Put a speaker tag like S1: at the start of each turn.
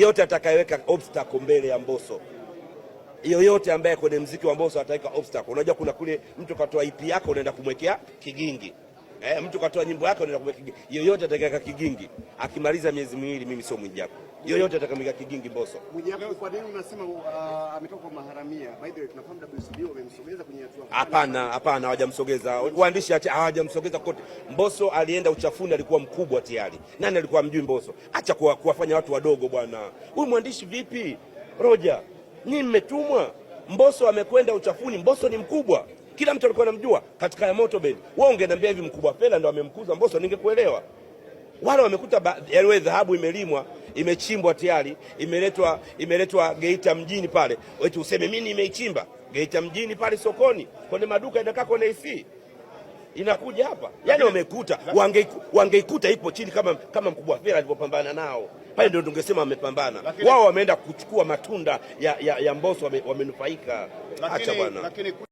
S1: Yote atakayeweka obstacle mbele ya Mbosso, yoyote ambaye kwenye mziki wa Mbosso ataweka obstacle. Unajua kuna kule mtu katoa ip yako unaenda kumwekea kigingi. Eh, mtu katoa nyimbo yake yoyote atakayeka kigingi akimaliza miezi miwili, mimi sio Mwijaku. Yoyote atakayeka kigingi Mbosso.
S2: Mwijaku, kwa nini unasema uh, ametoka kwa maharamia? By the way, tunafahamu WCB wamemsogeza kwenye hatua.
S1: Hapana, hapana, hawajamsogeza. Waandishi ati hawajamsogeza kote. Mbosso alienda uchafuni, alikuwa mkubwa tayari. Nani alikuwa mjui Mbosso? Acha kuwafanya watu wadogo bwana. Huyu mwandishi vipi? Roja, ni mmetumwa. Mbosso amekwenda uchafuni. Mbosso ni mkubwa kila mtu alikuwa anamjua katika ya moto bed. Wewe ungeniambia hivi mkubwa Fella ndo amemkuza Mbosso, ningekuelewa. Wale wamekuta yale yaani dhahabu imelimwa, imechimbwa tayari, imeletwa imeletwa Geita mjini pale, eti useme mimi nimeichimba Geita mjini pale sokoni, kwenye maduka inakaa kwenye AC inakuja hapa yani, wamekuta wangeikuta ipo chini kama, kama mkubwa Fella alivyopambana nao pale, ndio tungesema wamepambana wao. Wameenda kuchukua matunda ya, ya, ya Mbosso, wamenufaika wame, acha bwana.